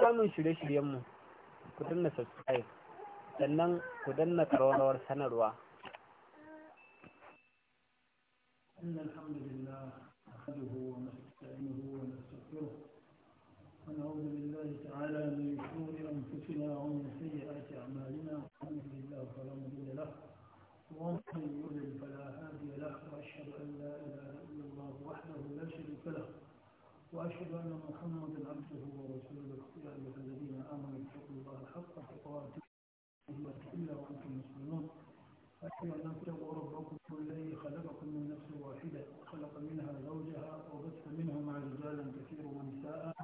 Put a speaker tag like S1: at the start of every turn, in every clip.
S1: samun shirye-shiryenmu ku danna subscribe sannan ku danna karawar sanarwa إن الحمد لله نحمده ونستعينه ونستغفره ونعوذ بالله تعالى من شرور أنفسنا ومن سيئات أعمالنا ومن يهده فلا مضل له ومن يضلل فلا هادي له وأشهد أن لا إله إلا الله وحده لا شريك له وأشهد أن محمدا إلا وأنتم مسلمون أشهد أن اتقوا ربكم الذي خلقكم من نفس واحدة وخلق منها زوجها وبث منهما رجالا كثيرا ونساء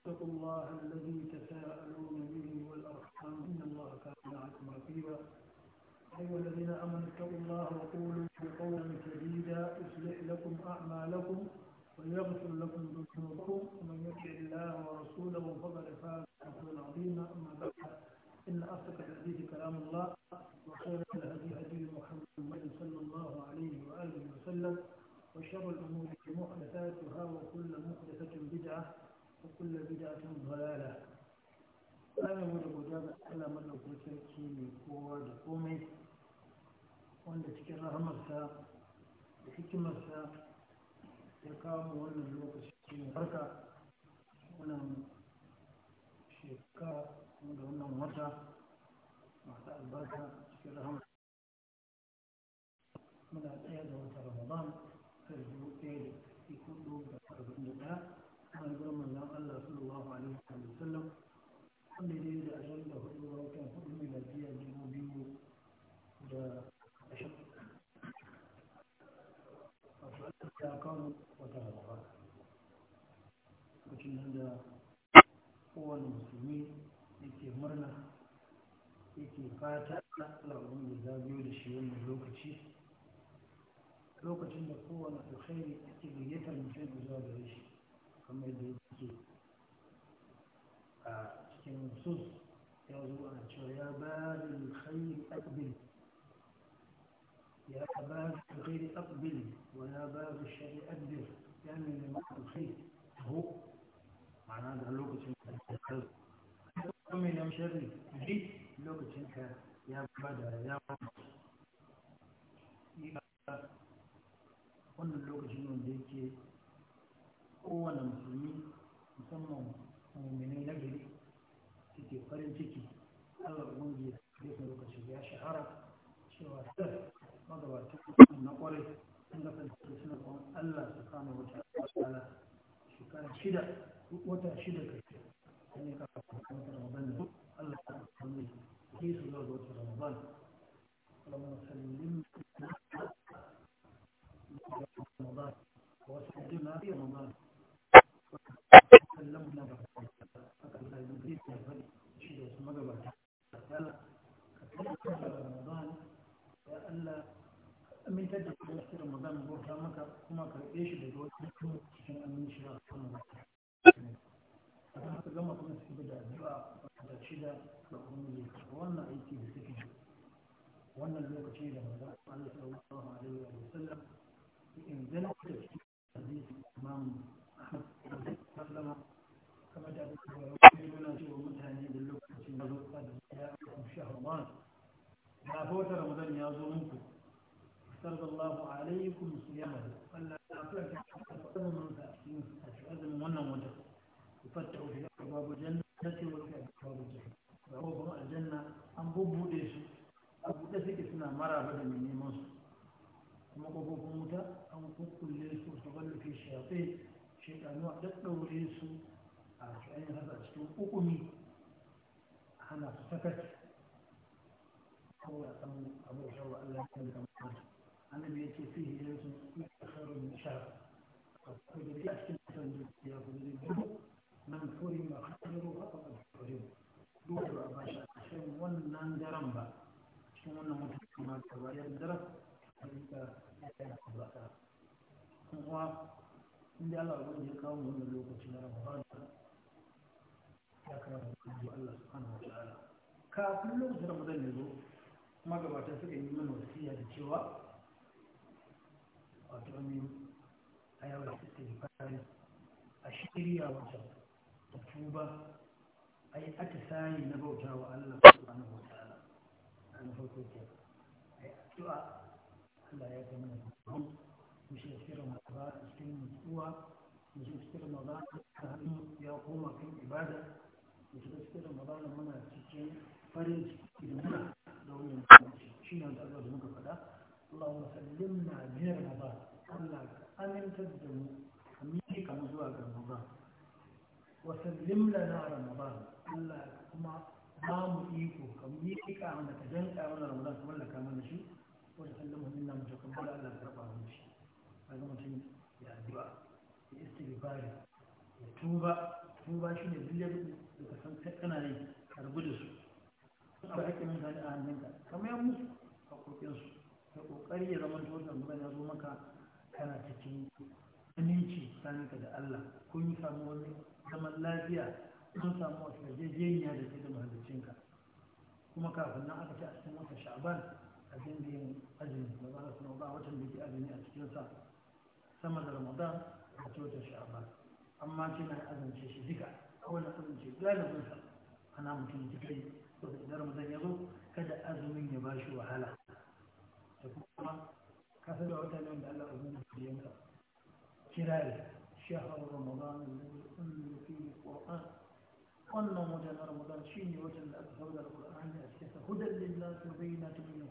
S1: اتقوا الله الذي تساءلون به والأرحام إن الله كان معكم رقيبا أيها الذين آمنوا اتقوا الله وقولوا بقولا سديدا يصلح لكم أعمالكم ويغفر لكم zuwa ga Allah madaukakin sarki mai kowa da komai wanda cikin rahamarsa da hikimarsa ya kawo wannan lokaci mai barka wannan shekara wanda wannan wata masu albarka cikin rahamar fata Allah ya zagayo da shi wannan lokaci lokacin da kowane alkhairi ake gayyatar mutum zuwa gare shi kamar da yake a cikin musus ya zo ana cewa ya ba da alkhairi akbil ya ba da alkhairi akbil wa ya ba da shari akbil ya mai neman alkhairi taho ma'ana da lokacin da ya zo mai neman shari ji lokacinka ya ba da ya wannan lokacin wanda yake kowane musulmi musamman mummunai na gari suke farin ciki allah ubangi ya kai lokaci ya shahara cewa sai magabatan na kwarai sun kasance suna kwan allah su kama wata ala shekara shida wata shida kai ne ka kwanci ramadan allah ya kwanci كيف يوضع رمضان اللهم صل وسلم رمضان وسلم في رمضان وسلمنا فقد لا يمكن ان شيء اسمه رمضان يا الله من تجد في رمضان بوحة مكة كما كريش بدوت كان أمين شراء رمضان فقد ما كنا سيبدا الدعاء وقد شدا wannan aiki da suke wannan lokaci da manzon Allah sallallahu alaihi wa sallam in ganta cikin hadisi Imam Ahmad sallama kamar da aka yi muna cewa mutane da lokacin da zuwa da ya aka shi Ramadan da Ramadan ya zo muku sallallahu alaikum siyamahu Allah ya fara ta fara mun da cikin wannan wata babu jannati wuta an kukkulle su su ballu fi shafe shekaru a daddaure su a ainihin hasa cikin hukumi hana su sakat saboda san abu shawa Allah ya kan kama annabi yace fi hidan su mai khairun a ko da ya cikin san ya ko da duk man kuri ma khairu fa qad kuri duk da ba shi wannan daren ba cikin wannan mutum ma da bayan daren kuma inda Allah ya kawo mu wannan lokaci na Ramadan ya kawo mu Allah subhanahu wa ta'ala kafin lokacin Ramadan ya zo magabatan suka yi mana wasiya da cewa wato amin a yau da suka yi fara a shirya wata da tuba a yi atisayi na bauta wa Allah subhanahu wa ta'ala an farko ke a yi addu'a Allah ya zama da mishi shi Ramadan cikin nutsuwa mishi shi Ramadan da hannu ya koma kan ibada mishi shi Ramadan muna cikin farin ciki da muna da wannan shi ne da Allah muka faɗa Allah wa Ramadan Allah ka aminta da mu zuwa ga Ramadan wa sallim lana Ramadan Allah kuma ba mu iko kamar mana ka mana Ramadan ka mallaka mana shi wani kallon mutum na mutum kan bala Allah karɓa mishi kaga mutum ya addu'a ya istighfari ya tuba tuba shi ne biyar da ka san kana ne ka da su akwai hakkin mutane a hannunka kamar yan musu haƙoƙinsu ka ƙoƙari ya zama wata tambayar ya zo maka kana cikin aminci tsaninka da Allah kun yi samu wani zaman lafiya kun samu wasu gajejeniya da ke da mahaliccinka kuma kafin nan aka ce a cikin wata sha'ban a dinga yin أجل وظهرت موضوعة بأذن أسكيوسا سما رمضان وتوت شعبان أما كنا أذن شيء ذكر أولا أذن شيء لا ننسى أنا ممكن تكري إذا رمضان يضو كذا أذن يباشي وحالة تكون كثير عتلا عند الله أذن ينسى كراري شهر رمضان الذي أنزل فيه القرآن قلنا مجال رمضان شيني وجل أكثر القرآن أسكت هدى للناس وبينات منه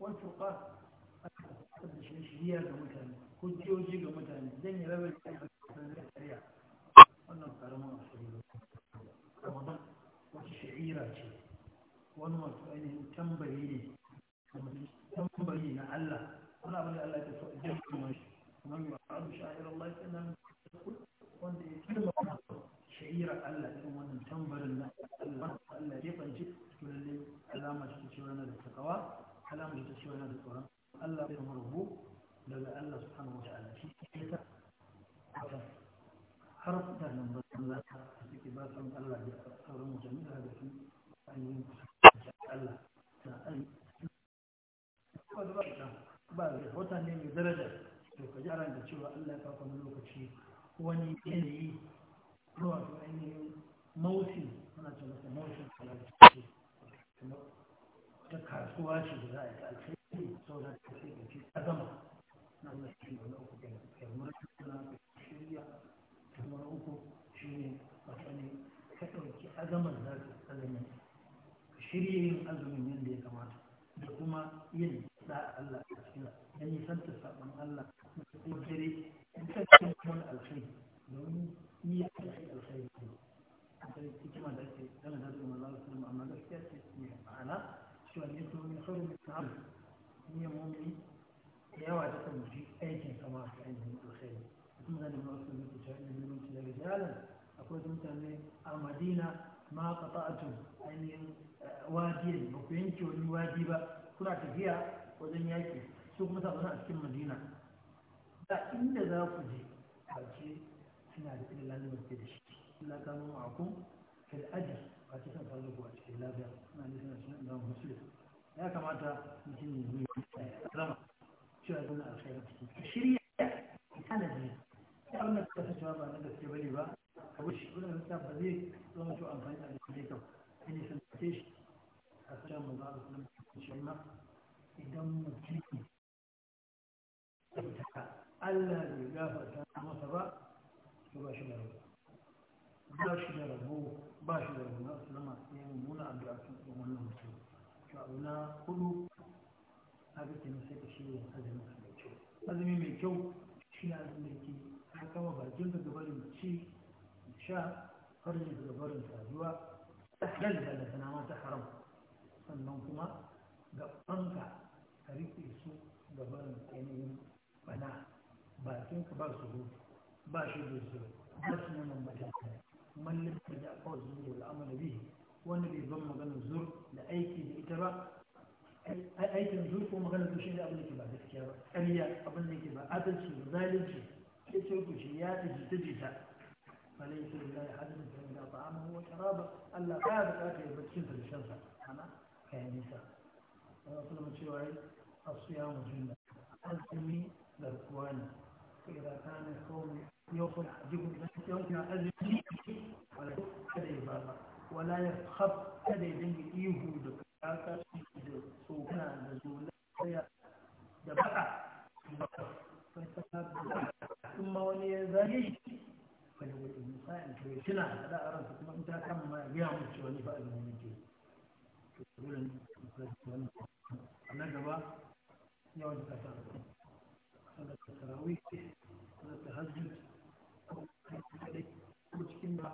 S1: والفقه الشريعة لمتاني كجوجي لمتاني زين يبقى الشريعة وانا بتعلمون رمضان wata sha'ira ce wani wasu ainihin tambayi ne tambayi na Allah wani abin da Allah ya tafi ajiyar kuma shi kamar yi abu sha'ir Allah ya tsanan wanda ya kirma sha'ira Allah irin wannan tambarin na Allah Allah ya fanci lalle alama shi ce wani da takawa kalamu ta cewa yana da tsoron Allah bai marubu. rubu daga Allah subhanahu wa ta'ala shi ke ta har nan ba su za ta suke ba san Allah da sauran mutane da haka sun ainihin Allah ta da ba da wata ne mai daraja to ka jara da cewa Allah ya kafa lokaci wani yanayi zuwa ainihin Mauti ana ce masa mausin kalabci Da kasuwa ce da za a yi alkhairi sau da ta sai da ce ta gama na Allah shi ne uku da ya murta na shirya ta mara uku shi ne matsani ka ɗauki azaman za su azamin ka shirya yin azumin yadda ya kamata da kuma yin akwai mutane a madina ma kafa'atu ainihin eh, wadiyan ba ku yanke wani wadi ba kuna tafiya wajen yaki su kuma sa a cikin madina ba inda za ku je a ce suna da ilil lalu ke da shi illa kanu ma'akum fil aji. ba ce kan kallo ko a cikin lafiya suna da suna cikin imamu musulun ya kamata mutum ya zama rama cewa zana alkhairar cikin shirya tanadi ya wannan kasa ba na gaske bane ba abu shi kula da ba zai zama to amfani da alƙalai kyau sai ne sun ce shi a sanar mu ba da sunan shi ma idan mutum Allah bai gafarta masa ba to ba shi da rabu. ba shi da rabu ba shi da rabo na sulama sai mummuna addu'a cikin wannan mutum to abu na hudu a ga kenan sai ka shirya azumi mai kyau azumi mai kyau shi ne azumi da ke ka kama bakin ka gabarin ci alfasha farji daga barin saduwa halal da na mata haram sannan kuma ga gabanka ka rike su ga barin ainihin bana bakinka ba su hutu ba shi da su ba su nan bata mallin da ya kawo zuwa da amala bihi wanda bai zama magana zur da aiki da ita ba aikin zur ko magana zur shi ne abin da ke ba gaskiya ba ƙarya abin da ke ba adalci da zalunci ya ce ku shi ya ta jita jita فليس لله حد فإن طعامه وشرابه ألا قاعد أكل بكين في الشمس أنا كأنسا أنا أقول لهم شيء وعي الصيام جنة أزمي لكوانا فإذا كان الصوم يوصل أحدكم يمكن أزمي ولا يفخر كذا يبالغ ولا يفخر كذا يبين إيهود كذا ya tuna ya faɗa a ransa kuma in ta kama ma ya gaya mu wani ni fa azumi nake to dole ne a na gaba yawan da kasa da tarawih da tahajjud ko cikin ba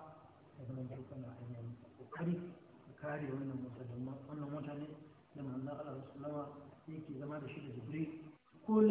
S1: da zaman to kana hanyar kokari kare wannan mota wannan mota ne da manzon Allah sallama yake zama da shi da jibril ko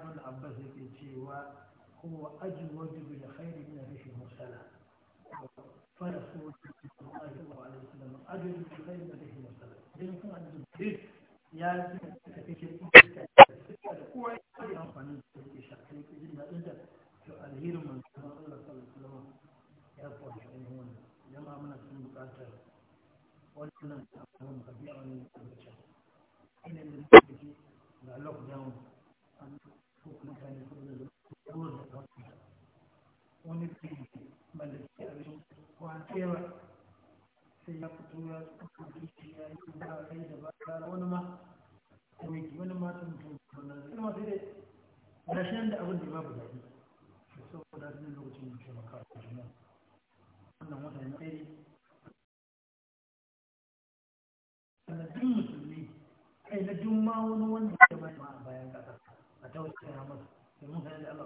S1: ibn abbas yake cewa huwa ajwadu bil khairi min rihi mursala fa rasul sallallahu alaihi wasallam ajwadu bil khairi min rihi mursala dan kuma an ji ya ce ka kace da kowa ya amfani da shi shakai jin dadin da to alhirin manzo Allah sallallahu alaihi ya fara shi wannan jama'a muna cikin bukatar wannan abin da ya wani lokacin ga lockdown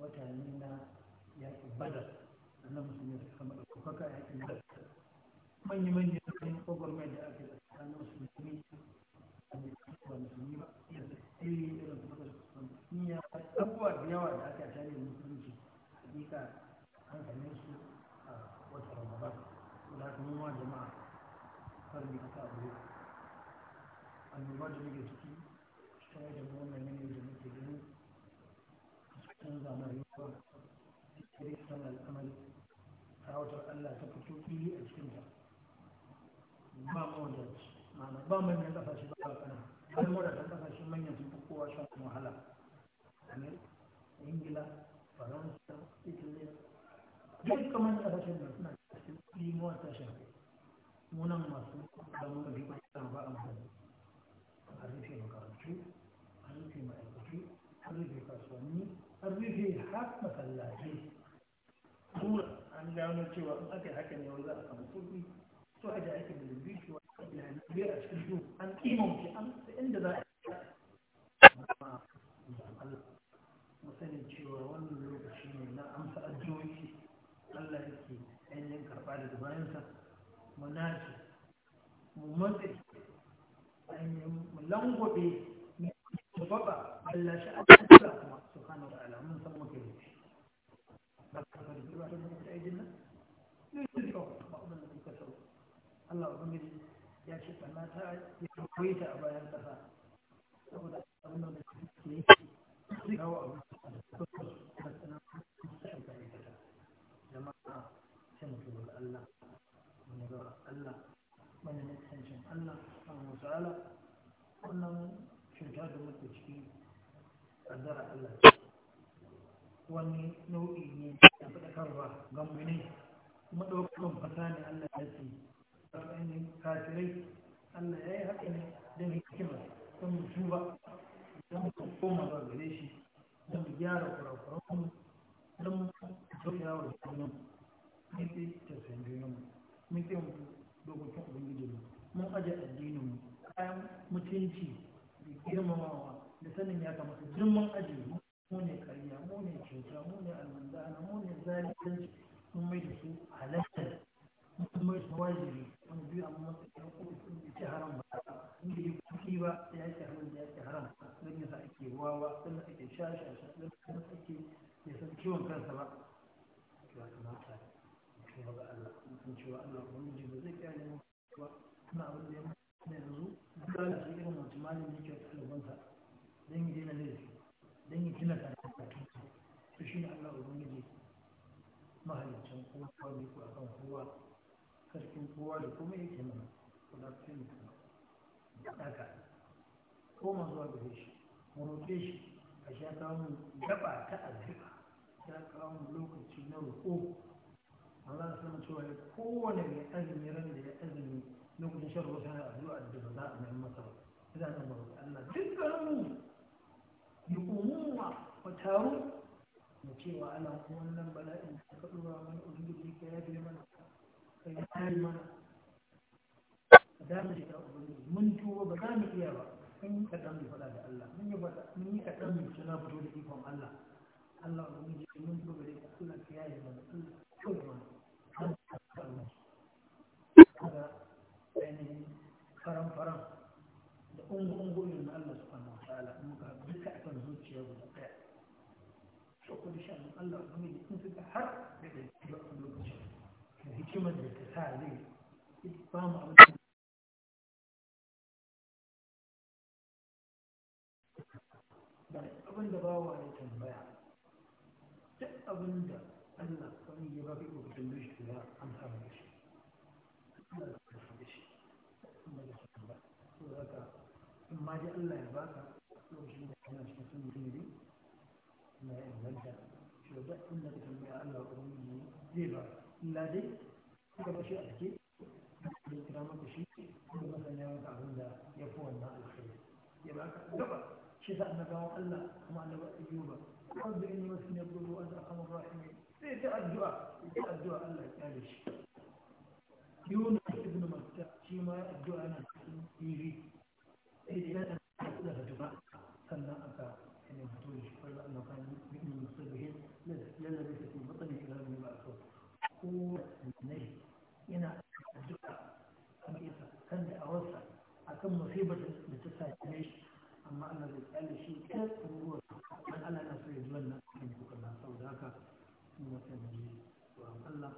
S1: wata ne na yaƙin badar annan musulmi da kama da kufaka yaƙin badar manya-manyan kan gwagwarmai da ake da tsakanin musulmi da musulmi ba iya tsiri irin su da musulmi ya abubuwa da yawa da aka tare da musulunci hakika an same su a wata ramadan da aka nuna jama'a farmi aka abu annoba da muke ciki ta yi da wannan ba manyan kasashe ba kana bayan wadatan kasashen manyan sun fi kowa shan wahala amerika ingila faransa italy duk kamar kasashen da suna cikin limuwar tashin munan masu damu da biyu a ba a mutane a rufe makarantu a rufe ma'aikatu a rufe kasuwanni a rufe har masallaci an gano cewa in aka yi haka ne wanda aka mutu to a ji aikin da biyu biyar a cikin duhu an imam ki an da inda za a musanin cewa wannan lokaci ne na amsa addu'o'i Allah yake ainihin karɓa da bayansa mu nace mu matse ainihin mu langwabe mu baba Allah shi a cikin kuma subhanahu wa ta'ala mun san muke ba ka nan su ba Allah ya ce sannan ta ya koyi ta a bayan ƙasa saboda abin da suke yi su kawo abu jama'a can tuwar Allah wani ga Allah wani na cancin Allah a musala wannan cuta da muke ciki ƙaddara Allah wani nau'i ne da faɗakarwa ne, kuma ɗaukan fasa ne Allah ya ce kafirai Allah ya yi haka ne don mu mu koma gare shi don mu gyara kurakuranmu don mu mu dokokin ubangijinmu kayan mutunci da girmamawa da sanin mu ne karya mu cuta mu ne mu mai da su halatta mun mai biyu amma masu ɗan kuma sun ci haram ba in da ya kuki ba ya ce haram ya ce haram don yasa ake wawa don ake sha sha sha don ake ya san ciwon kansa ba ya ga Allah Allah kuma miji ba zai kyale mu ba kuma abin da ya mutu yanzu shi irin yake don yi daina laifi don yi to shi ne Allah ubangiji mahalicin ne ko kowa da kuma yake nan kuna cikin ko koma zuwa gare shi mu roƙe shi a sha kawo mu gaba ta addu'a ya kawo mu lokaci na roƙo Allah ya san cewa kowane mai azumi ran da ya azumi lokacin shan ruwa sana addu'a da ba za a nemi masa ba ina nan ba Allah dukkan mu yi wa taro mu cewa ana kuma wannan bala'in ka dora mana ubangiji ka yafe mana ka yi kari mana za mu shiga ubangiji mun tuba ba za mu iya ba mun yi kaɗan mu faɗa da Allah mun yi mun yi kaɗan mu suna fito da ikon Allah Allah ubangiji mun tuba da Allah ka yaye mana Allah ka yaye mana an ka kaga ainihin faran-faran da ungu-ungu ne عليه
S2: إقامة abin da ba wa ne tambaya
S1: duk abin da Allah wani ya ba ka iya fitin da shi ya amsa da shi Allah ya fi da shi amma da shi ba so za ka in ma dai Allah ya ba ka lokacin da kana cikin sun mutum ne na inganta shi da duk inda ka tambaya Allah ya zai ba illa dai suka bashi a cike da kira maka shi kuma masana ya maka abin da ya fi wannan alkhairi ya ba ka gaba shi sa gawa Allah kuma yi ayyuba wanda in yi wasu ne gudu wanda kama maka rahimi sai ta addu'a ta addu'a Allah ya kare shi yunus ibn matta shi ma ya addu'a yana cikin iri sai da yana da fatuka sannan a akan musibar da ta same shi amma Allah zai kyale shi kan ruwa dan Allah na so zuwan nan, wannan kuka na saboda haka mu wata ne to Allah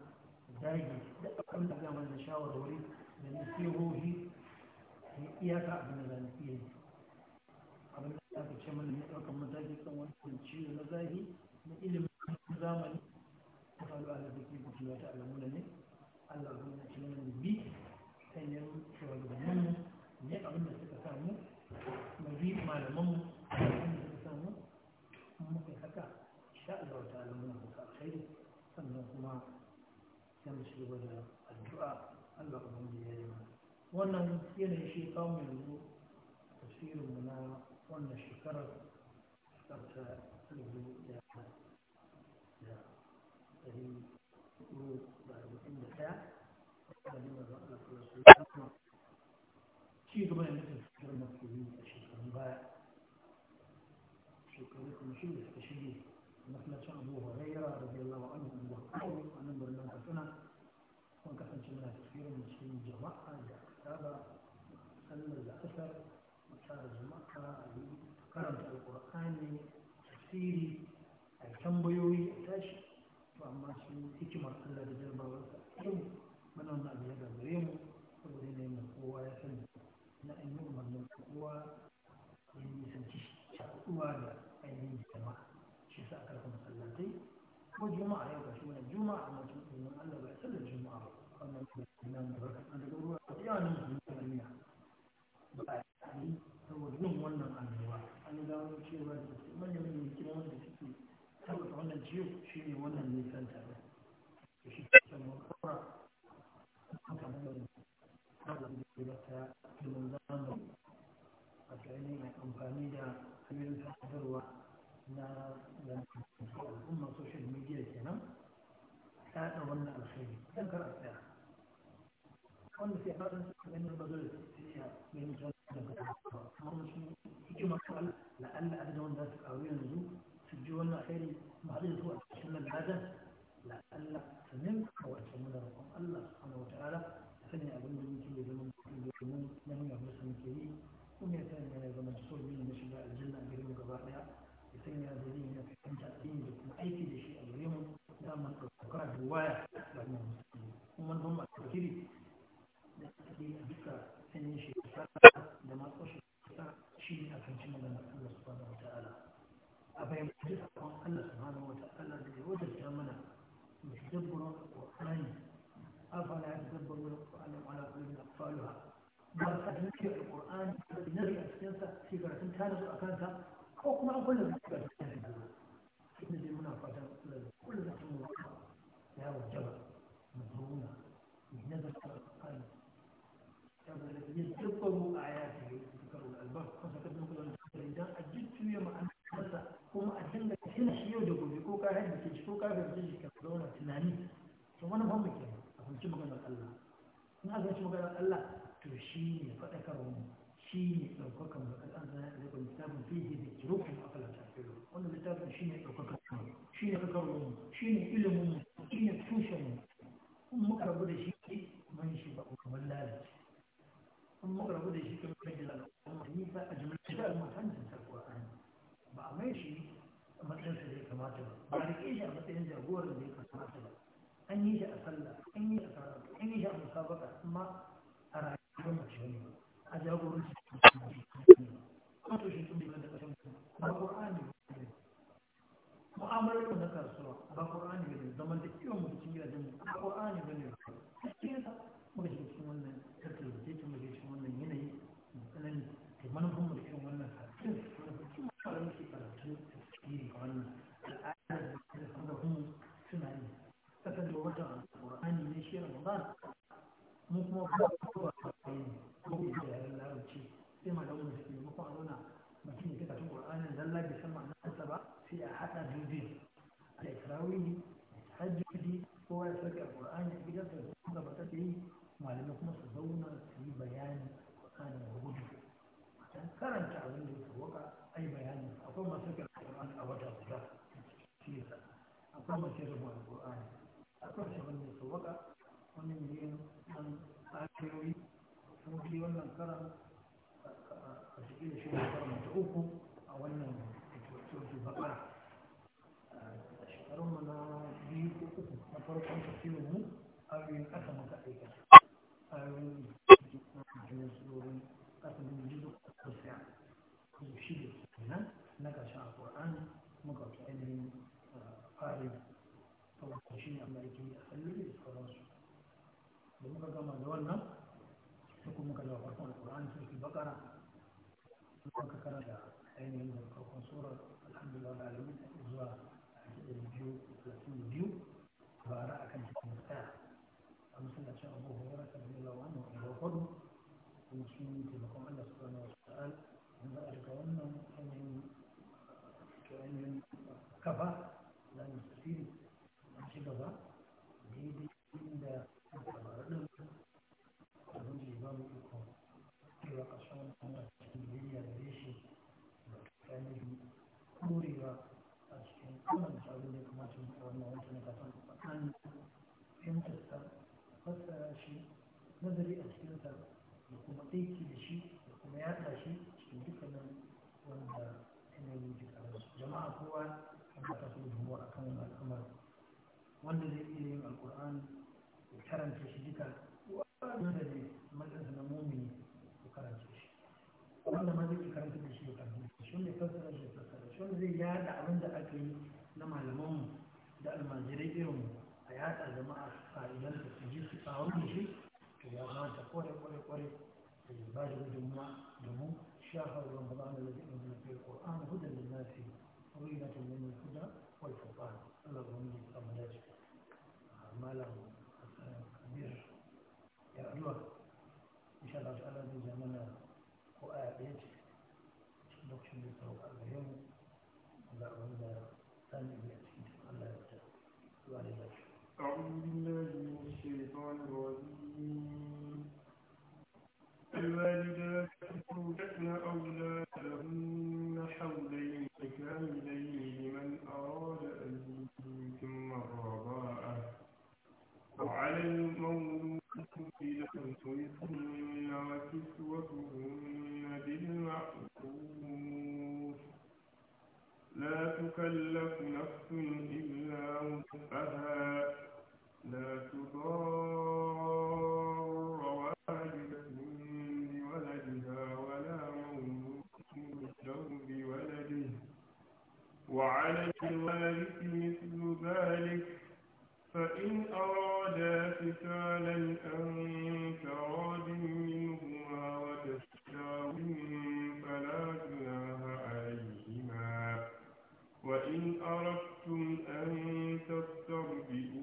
S1: dage da abin da zaman da shawarwari da nasihohi da iyaka abin da zan iya yi abin da aka ce mana ne ɗaukar mataki kan wannan ciwo na zahi na ilimin zamani sarauta launin kuka sannan kuma sai mu shiga da addu'a Allah ubangiji ya yi mana wannan yanayin shi karanta alƙur'ani tafsiri a tambayoyi a tashi to amma su hikimar Allah da jarbawarsa yau mana wannan abu ya gagare mu saboda yanayin da kowa ya sani na ainihin umarnin kowa ya sanci shakuwa da ainihin jama'a shi sa aka rufe masallatai ko juma'a yau ga shi wani juma'a amma juma'a Allah ba ya sallar juma'a ba wannan kuma nan da نبيك saka da watan alƙur'ani na shi ramadan mun kuma ba a kai wannan da kuma ka zaɓa farkon alƙur'ani su ke bakara kuma ka kara da ainihin da farkon surar alhamdulillah da alamin zuwa biyu talatin da biyu ba a ra'a kan cikin tsaya a musulunci abubuwa ya rasa da yawa wannan ya kwakwado kuma shi ne taimakon allah su gane wasu nazari a cikin sa da kuma aiki da shi da kuma yaɗa shi cikin dukkanin wanda yi duka jama'a kowa an fata su da a kan al'amar wanda zai iya yin alkur'an ya karanta shi duka wanda zai matsansa na mumini ya karanta shi wanda ma zai karanta da shi ya karanta shi wanda ya fassara shi ya fassara shi wanda zai yaɗa abin da aka yi na malamanmu da almajirai irinmu a yaɗa jama'a fa'idanta su ji su tsawon da shi ya kamata kwarai kwarai kwarai da ya ba da gudunmuwa domin shahar ramadan da zai ɗauki fiye ƙoran hudun da nasi wuri na tun wani huda wal furqan Allah ba mu samu dace malam kabir ya addu'a insha Allah ta'ala zai zamana ko aya ɗaya ce
S2: الوالدات يؤتون أولادهن حولين كاملين لمن أراد أن وعلى المولود وكسوتهن بالمعروف لا تكلف نفس إلا وسعها لا تضار وعلى الوارث مثل ذلك فإن أرادا قتالا أن تراد منهما وتشتاو فلا جناح عليهما وإن أردتم أن تسترجئوا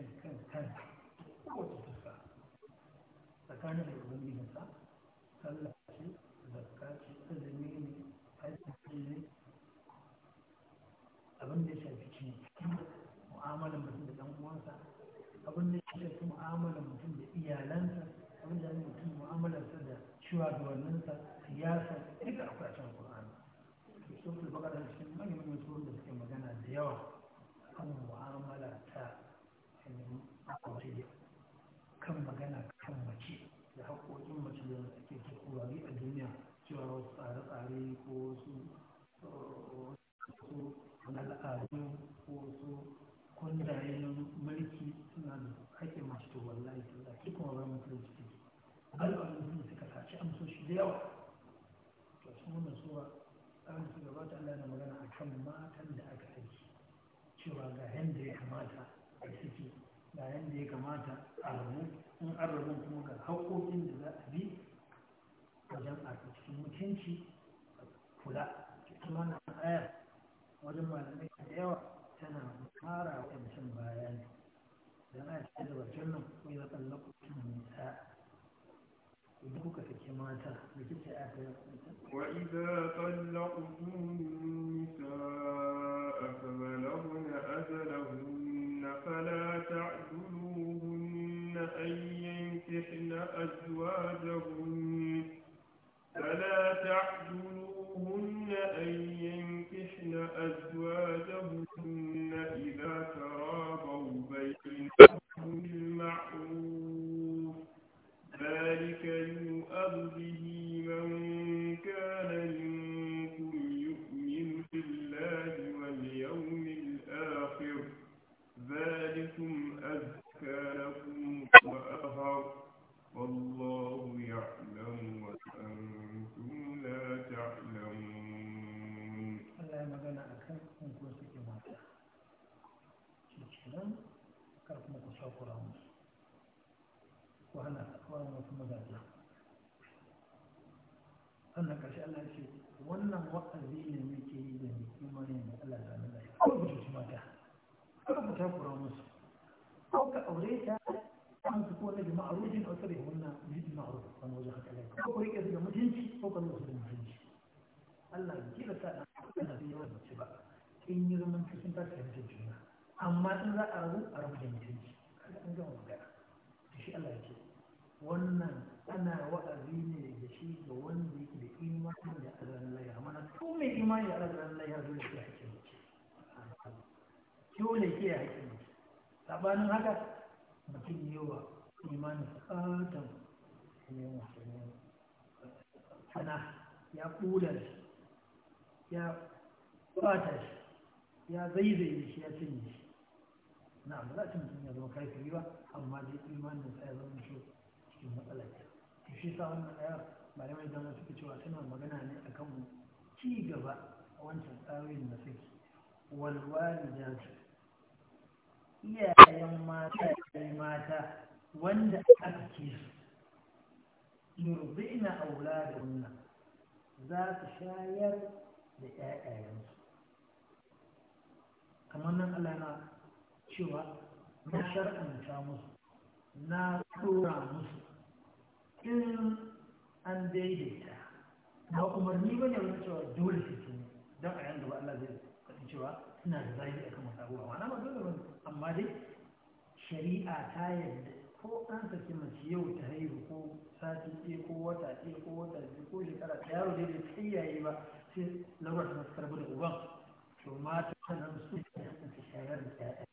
S1: kan kan kan kowace fuska tsakanin da ubangijinsa sallah ce zakka ce azumi ne aiki ne abin da ya shafi cin mu'amalar mutum da ɗan uwansa abin da ya shafi mu'amalar mutum da iyalansa abin da ya shafi mu'amalarsa da shugabanninsa siyasa kan magana kan mace da haƙoƙin mace da suke ta a duniya cewa wasu tsare-tsare ko wasu al'adu ko wasu kundayen mulki suna da haƙƙin mace to wallahi sallah ki kuma ba mutum su take al'adun sun suka sace amsoshi da yawa to sun wannan suwa an su gabata Allah na magana a kan matan da aka aiki cewa ga yanda ya kamata a ciki ga yanda ya kamata a rabu in an rabu kuma ga haƙoƙin da za a bi wajen a cikin mutunci kula cikin wannan ayar wajen malamai da yawa tana fara wa mutum bayani don a cikin da wajen nan kuma ya tsalla kuma nisa idan kuka saki mata da kike aka yi
S2: wa idza tallaqtum أن ينكحن أزواجهن فلا تعدلوهن أن ينكحن أزواجهن إذا ترى
S1: ko ku ci mata musu ko ka aure ta an su na ma'arufin a tsare wannan ma'aruf wani wajen haka ko rike su da mutunci ko ka rike su da mutunci Allah ya kira sa mace ba in yi zaman cikin ta amma in za a rabu a rabu da mutunci kada an gama magana shi Allah ya ce wannan ana wa'azi ne da shi ga wanda yake da imani da azan mana ko mai imani da azan shi dole ke ya haƙi sabanin haka mutum yi wa imanin katon sana ya ƙudar ya ya shi ya zaizaye shi ya cinye shi na abu za cin mutum ya zama kai karfi ba amma dai imanin sa ya zama shi cikin matsala ce shi sa wannan ayar malamai zama suka cewa suna magana ne kan ci gaba a wancan tsarin da suke walwali da su iyayen mata da mata wanda aka ke su yurbina aula da wannan za su shayar da ƴaƴayensu kamar nan Allah cewa na shar'anta musu na tura musu in an daidaita na umarni ba ne wani cewa dole su ne don a yanzu ba Allah zai faɗi cewa suna da zafi akan wasu abubuwa na ba dole wani amma dai shari'a ta yadda ko an saki mace yau ta haihu ko sati ke ko wata ke ko wata ke ko shekara ta yaro dai bai tsayaye ba sai lagos na karbi da uban to mata nan su da su shayar da ya'ya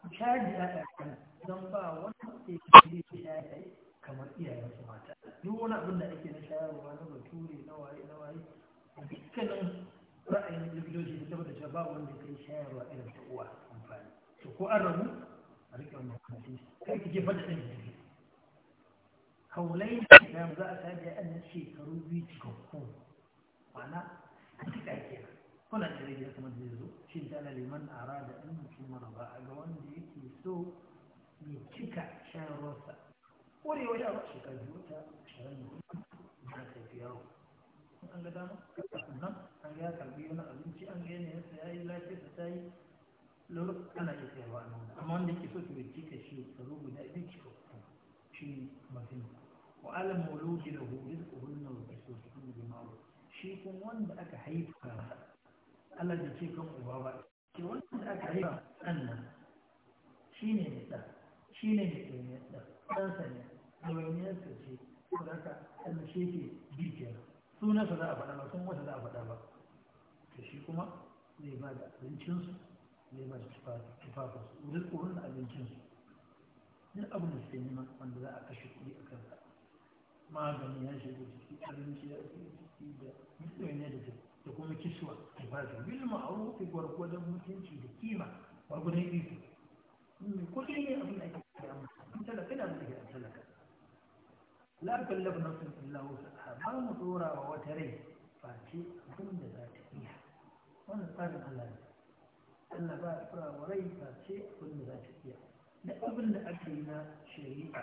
S2: ku shayar da ya'ya
S1: don ba wani ke shiri da yi kamar iyayen su mata duk wani abin da ake na shayarwa na bature na waye na waye dukkanin ra'ayin likitoci da saboda cewa ba wanda kai shayarwa irin ta uwa amfani to ko an rabu a riƙe wannan hadisi kai kike fada da jiki kaulai da za a sami an shekaru biyu cikakku ma'ana a cika kenan kuna da rage kamar da zai zo shi ta ala liman ara da ɗan mutum mara ba a ga wanda yake so ya cika shayarwarsa ƙwarewa ya ba shekaru biyu ta shayarwa da ta biyar an ga dama ya karbi wani abinci an gane ya saya yi lafiya ta sai lor ana iya sayarwa a nuna. amma wanda ke so ki bai cika shi tsaro guda biyu cika shi mutum wa ala mauludi da hudu da hulna wa kaso cikin jimawa shi kuma wanda aka haifa Allah da ce kan uba ba ke wanda aka haifa sannan shi ne mai ɗan shi ne mai ɗan ya da ɗansa ne ɗawainiyarsa ce ko da aka ɗan shi ke bikiyar sunansa za a faɗa ba sun wata za a faɗa ba da shi kuma zai ba da abincinsu zai ba da tufafinsu wurin tsohon da abincinsu duk abin da suke neman wanda za a kashe kuɗi a kansa magani ya da ciki abinci ya shiga ciki da mutum ne da da kuma kiswa tufafi bil ma'rufi gwargwadon mutunci da kima gwargwadon iko kuɗi ne abin da ake kira mutum talaka da mutum ya talaka la kallafa sun illa wusa ba mu dora wa wata rai face abin da za ta wannan tsarin Allah ne Allah ba a fara wa rai ba ce abin da za ta iya da abin da ake yi na shari'a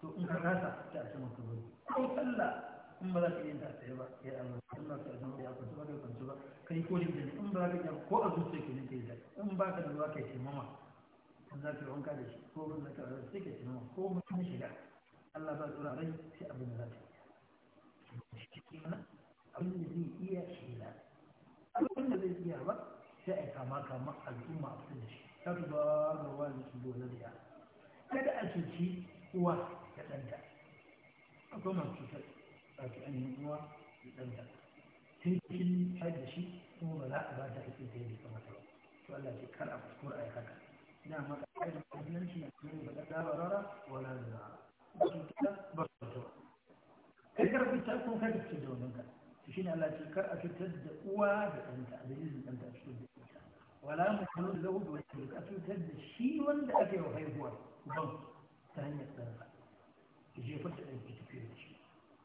S1: to in ka rasa ta a saman kabari ko sallah in ba za ka yi ta tsaye ba ya yi amma in ba ka zama ya kwanci ba ka kwanci ba ka yi kodin da in ba ka iya ko a zuciya ke nake da in ba ka da ruwa ka yi taimama in za ka yi wanka da shi ko in za ka yi sai ka mama ko mutum shiga Allah ba tsura rai sai abin da za ta iya abin da zai iya shi abin da zai iya ba sai a kama kama al'umma a da shi kar ba ga wani su dole da ya kada a cuci uwa da ɗanta akwai masu cutar ɗauki ainihin uwa da ɗanta sai kin da shi kuma ba za a ba ta aikin da ya kamata ba to Allah ce kar a kuskura a yi haka ina maka aikin musulunci na cikin ba da dabarara wala da ba su cuta ba su cuta
S2: kai karfi ta
S1: kun kai da cikin domin ka shi ne Allah ce kar a cutar da uwa da ɗanta da izin ɗanta a cikin dukkan wala mu kanu da zahudu wa tilka a cutar da shi wanda aka yi wa haihuwa ban ta hanyar ɗansa ta jefar da ɗan tafiya da shi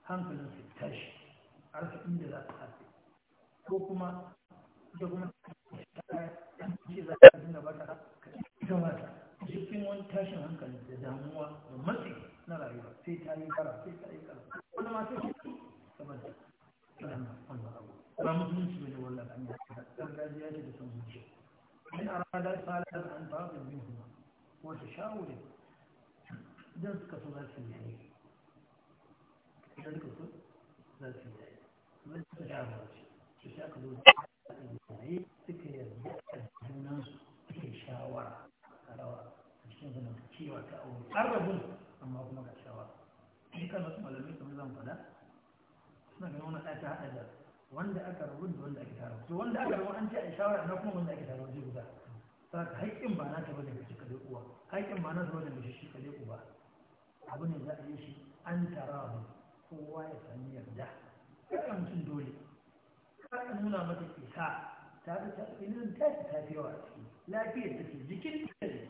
S1: hankalin su tashi a rasa inda za ta haɗe ko kuma ita kuma ce za ta dinga ba ta ka ita mata cikin wani tashin hankali da damuwa da matsi na rayuwa sai ta yi kara sai ta yi kara wani ma sai ta yi kamar ba musulunci ne wannan an yi gargajiya ce da son zuciya in arada salatan an tafi bin kuma wata shawure idan suka so za su yi yayi idan suka so za su yi yayi wani suka shawara ce su sha ka zo da yayi suka yarda da junan su suke shawara a rawa a cikin zamantakewa ta aure har da amma kuma ga shawara in kan wasu malamai kamar zan sannan wani ta haɗa da wanda aka rabu da wanda aka taro to wanda aka rabu an ce a shawara na kuma wanda aka taro zai guda saboda haƙƙin ba na ta bane mace kale uwa haƙƙin ba na ta bane mace shi kale uba abu ne za a yi shi an tara ba kowa ya sami yarda kada mutum dole kada nuna mata isa ta ta ta ilimin ta ta ta yawa a ciki lafiyar ta ce jikin ta ce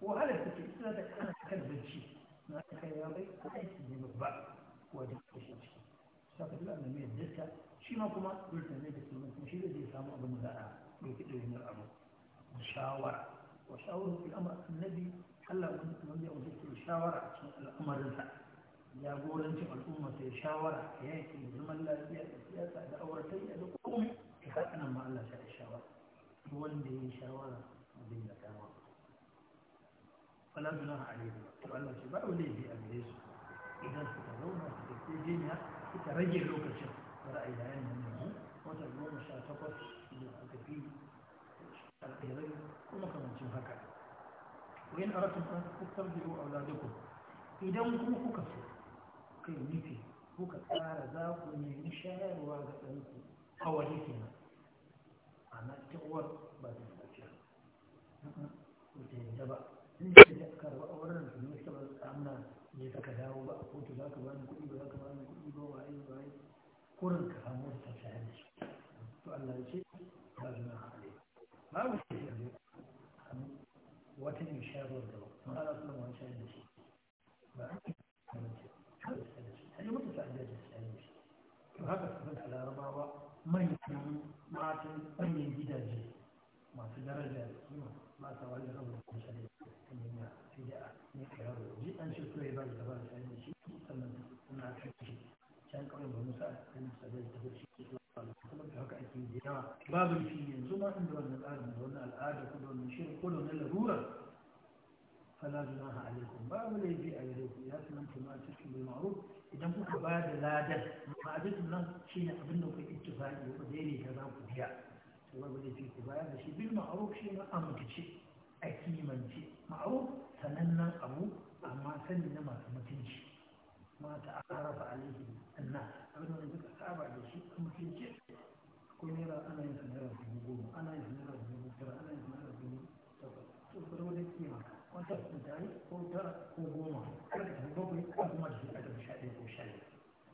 S1: wahalar ta ce ita ta kana kan bacci na ta kai ya bai aiki ne babba wajen saka duk da ya daska shi ma kuma dole ne da kuma shi zai samu abin da za a ɗauki ɗawainiyar abu shawara wa shawara fil amma annabi Allah wani wanda ya wuce shawara a cikin al'amarinsa jagorancin al'umma sai shawara a yaƙi zaman lafiya da siyasa da auratayya da komai ya haɗa nan ma Allah sai shawara wanda ya yi shawara abin da kama fala duna a alaihi to Allah shi ba wani ya bi a gare su idan suka zauna su ce jiniya ka rage lokacin da a yayin nan yanzu wata goma sha takwas da aka fi alkhairai kuma kamancin haka wayan aratun an tattarbiru a ku? idan kuma kuka so kai nufi kuka tsara za ku nemi shayarwa ga ɗanku a wani kenan A ta uwar ba da lafiya ko ta yadda ba da ta karɓa wurin da ne ta ba amna ne ka dawo ba ko ta za ka ni kuɗi ba za ka bani kuɗi kurin ka samu ba ba ana wani shayar da shi ba a ce ta mutu ta da shi ta shi to haka su larabawa manyan matan manyan gidaje masu daraja da kima sa rabu باب الفيين زما عنده أن الآدم هنا الآدم كله من شيء كله من الهورة فلا جناها عليكم باب اللي يجي أيديك يا سلام كما تشكي بالمعروف إذا مو كبار لادة ما أدري من شيء أبنه في اتفاق وديني هذا وديا الله بدي في كبار بس بالمعروف شيء ما شيء أكيد من شيء معروف سننا أبو أما سننا ما ما تنش ما تعرف عليه الناس أبدا من ذلك أعرف عليه شيء ما تنش ko naira ana yin naira dubu goma ana yin naira dubu tara ana yin naira dubu takwas to ku zama da kima wanda ku tare ko tara ko goma kada ta bakwai ko kuma da shi aka sha ɗaya ko sha biyu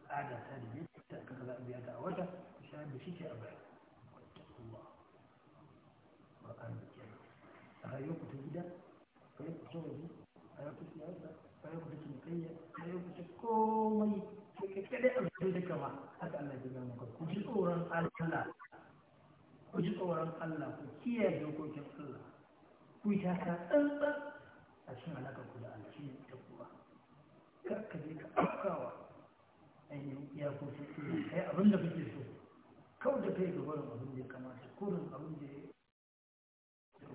S1: ada ta da yadda ta aka za a biya ta a wata ku sha da shi ke a baya wattakullah qur'an da kenan a rayuwar ku ta gida rayuwar ku ta waje rayuwar ku siyasa rayuwar ku ta cinikayya rayuwar ku ta komai kai kadai a zai da kama haka Allah ya gama ku ji tsoron Allah ku ji tsoron Allah ku kiyaye dokokin Allah
S2: ku yi taka
S1: tsantsan a cikin alaka ku da Allah da ne ta kuwa kar ka je ka afkawa ainihin iyakokin Allah kai abin da kuke so kawai da kai gaba da abin da ya kamata kurin abin da ya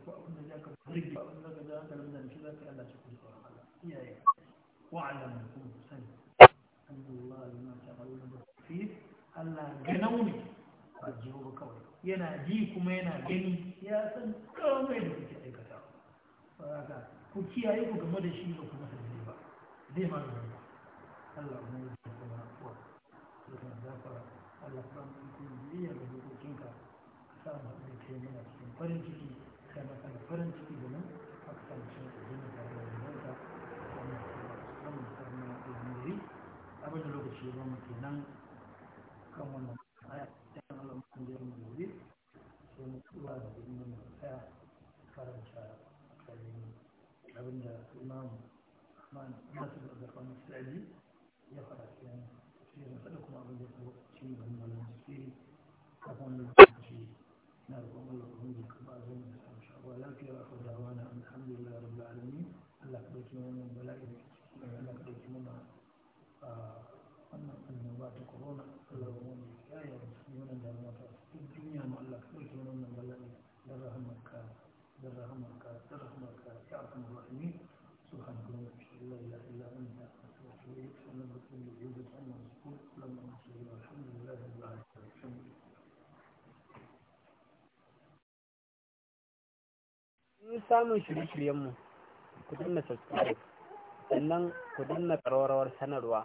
S1: ko abin da ya ka rigi abin da ka ja hankalin da shi za ka yi Allah cikin ku ji tsoron Allah kiyaye da kuma ku sani Allah ya ma ta'aluna da fi Allah ganin ne a jiwa yana ji kuma yana gani ya san kawai da kuke aikata ba ku kiyaye ku game da shi ba kuma sai ba zai ma da ba Allah ne yi san kuma kuwa da kan zafara Allah ka mu ku biyar da dokokin kinka. ka sa mu da kai mana cikin farin ciki kana kana farin ciki da Yeah.
S2: samun shirye-shiryenmu ku dinna subscribe sannan ku dinna ƙararrawar sanarwa